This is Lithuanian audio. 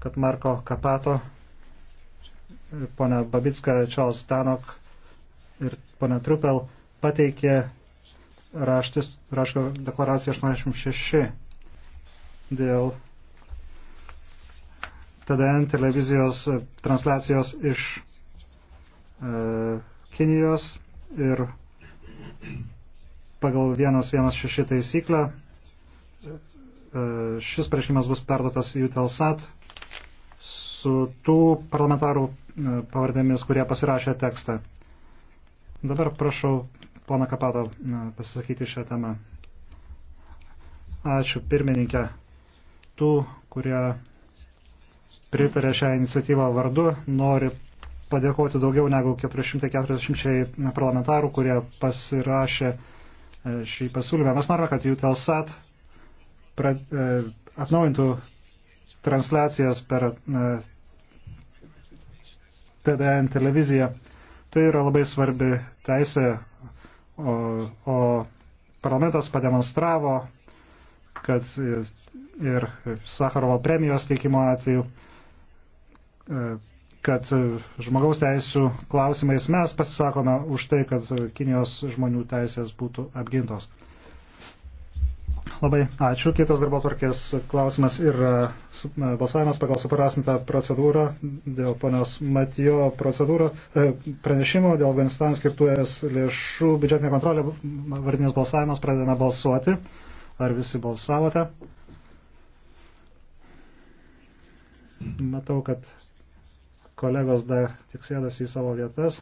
kad Marko Kapato, ponia Babicka, Charles Tanok ir ponia Trupel pateikė raštis, raško deklaraciją 86 dėl TDN televizijos transliacijos iš e, Kinijos ir pagal 116 taisyklę e, šis pareiškimas bus perdotas į Utelsat su tų parlamentarų e, pavardėmis, kurie pasirašė tekstą. Dabar prašau pona Kapato e, pasisakyti šią temą. Ačiū pirmininkė. Tų, kurie pritarė šią iniciatyvą vardu, nori padėkoti daugiau negu 440 parlamentarų, kurie pasirašė e, šį pasiūlymą. Mes norime, kad jų telsat atnaujintų transliacijas per e, TDN televiziją. Tai yra labai svarbi teisė, o, o parlamentas pademonstravo, kad ir Sakarovo premijos teikimo atveju, e, kad žmogaus teisų klausimais mes pasisakome už tai, kad Kinijos žmonių teisės būtų apgintos. Labai ačiū. Kitas darbo tvarkės klausimas yra balsavimas pagal suprastintą procedūrą dėl ponios Matijo procedūro e, pranešimo dėl Afganistano skirtuojas lėšų biudžetinė kontrolė. Vardinis balsavimas pradedame balsuoti. Ar visi balsavote? Matau, kad kolegos dar tik sėdasi į savo vietas.